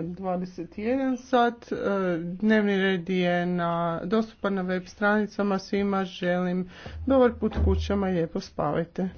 21 sat. E, dnevni red je na, dostupan na web stranicama svima. Želim dobar put kućama lijepo spavajte.